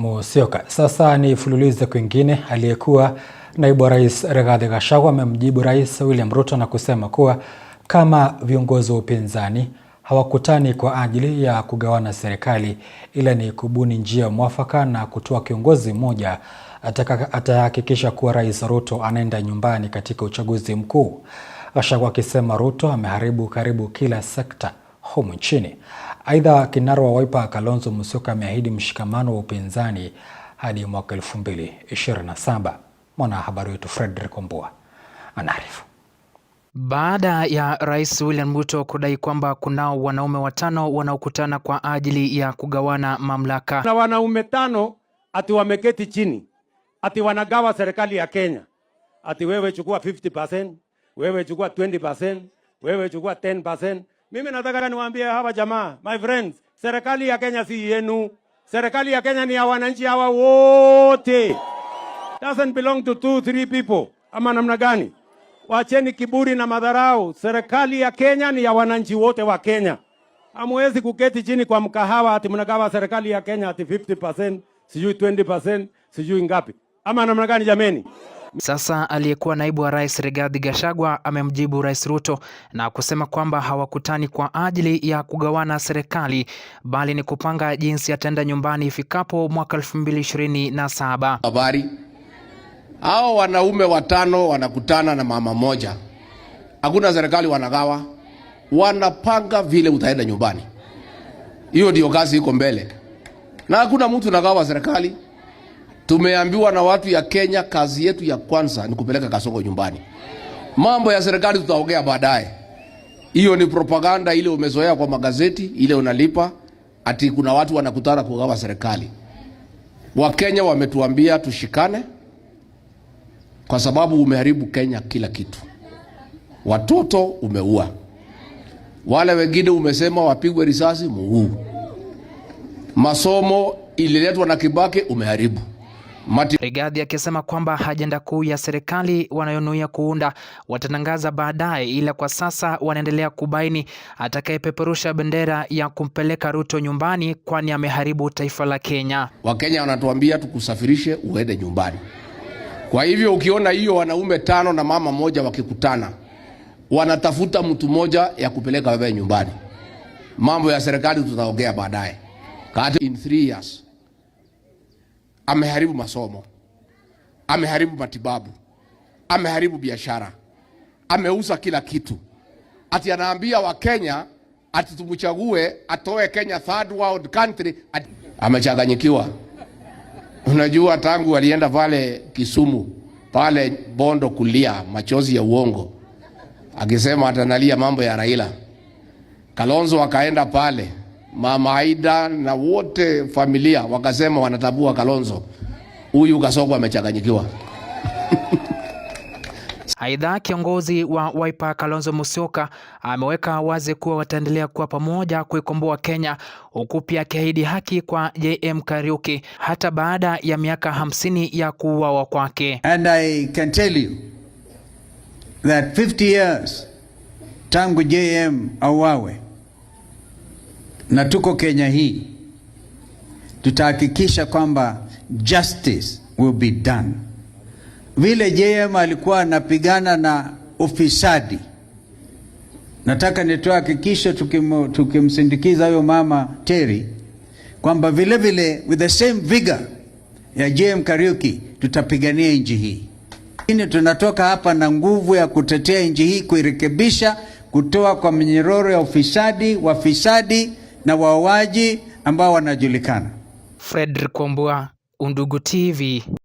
Musyoka. Sasa ni fululize kwingine. Aliyekuwa naibu wa rais Rigathi Gachagua amemjibu rais William Ruto na kusema kuwa kama viongozi wa upinzani hawakutani kwa ajili ya kugawana serikali, ila ni kubuni njia mwafaka na kutoa kiongozi mmoja atahakikisha kuwa rais Ruto anaenda nyumbani katika uchaguzi mkuu. Gachagua akisema Ruto ameharibu karibu kila sekta humu nchini. Aidha, kinara wa Wiper Kalonzo Musyoka ameahidi mshikamano wa upinzani hadi mwaka 2027. Mwanahabari wetu Fredrick Ombua anaarifu. Baada ya Rais William Ruto kudai kwamba kunao wanaume watano wanaokutana kwa ajili ya kugawana mamlaka, na wanaume tano ati wameketi chini ati wanagawa serikali ya Kenya, ati wewe chukua 50%, wewe chukua 20%, wewe chukua 10%. Mimi nataka niwaambie hawa jamaa, my friends, serikali ya Kenya si yenu. Serikali ya Kenya ni ya wananchi hawa wote. Doesn't belong to two, three people. Ama namna gani? Wacheni kiburi na madharau. Serikali ya Kenya ni ya wananchi wote wa Kenya. Hamwezi kuketi chini kwa mkahawa ati mnagawa serikali ya Kenya ati 50%, sijui 20%, sijui ngapi. Ama namna gani jameni? Sasa aliyekuwa naibu wa rais Rigathi Gachagua amemjibu Rais Ruto na kusema kwamba hawakutani kwa ajili ya kugawana serikali bali ni kupanga jinsi ataenda nyumbani ifikapo mwaka 2027. Habari. Hao wanaume watano wanakutana na mama moja, hakuna serikali wanagawa, wanapanga vile utaenda nyumbani. Hiyo ndio kazi iko mbele, na hakuna mtu nagawa serikali. Tumeambiwa na watu ya Kenya, kazi yetu ya kwanza ni kupeleka kasongo nyumbani. Mambo ya serikali tutaongea baadaye. Hiyo ni propaganda ile umezoea kwa magazeti, ile unalipa ati kuna watu wanakutana kugawa serikali. Wakenya wametuambia tushikane, kwa sababu umeharibu Kenya kila kitu. Watoto umeua, wale wengine umesema wapigwe risasi, muu. Masomo ililetwa na Kibaki, umeharibu. Mati... Rigathi akisema kwamba ajenda kuu ya serikali wanayonuia kuunda watatangaza baadaye, ila kwa sasa wanaendelea kubaini atakayepeperusha bendera ya kumpeleka Ruto nyumbani, kwani ameharibu taifa la Kenya. Wakenya wanatuambia tukusafirishe uende nyumbani. Kwa hivyo ukiona hiyo wanaume tano na mama moja wakikutana, wanatafuta mtu moja ya kupeleka wewe nyumbani. Mambo ya serikali tutaongea baadaye. In three years ameharibu masomo, ameharibu matibabu, ameharibu biashara, ameuza kila kitu, ati anaambia Wakenya ati tumchague atoe Kenya third world country ati... amechanganyikiwa. Unajua, tangu alienda pale Kisumu pale Bondo kulia machozi ya uongo akisema atanalia mambo ya Raila. Kalonzo akaenda pale mama Aida na wote familia wakasema wanatabua Kalonzo, huyu Kasongo amechanganyikiwa. Aidha, kiongozi wa Wiper Kalonzo Musyoka ameweka wazi kuwa wataendelea kuwa pamoja kuikomboa Kenya, huku pia akiahidi haki kwa JM Kariuki hata baada ya miaka hamsini ya kuuawa kwake. And I can tell you that 50 years tangu JM auawe na tuko Kenya hii, tutahakikisha kwamba justice will be done. Vile JM alikuwa anapigana na ufisadi, nataka nitoe hakikisho, tukimsindikiza huyo mama Terry kwamba vile vile with the same vigor ya JM Kariuki tutapigania nchi hii. Lakini tunatoka hapa na nguvu ya kutetea nchi hii, kuirekebisha, kutoa kwa minyororo ya ufisadi, wafisadi na wauaji ambao wanajulikana. Fredrick Wambua, Undugu TV.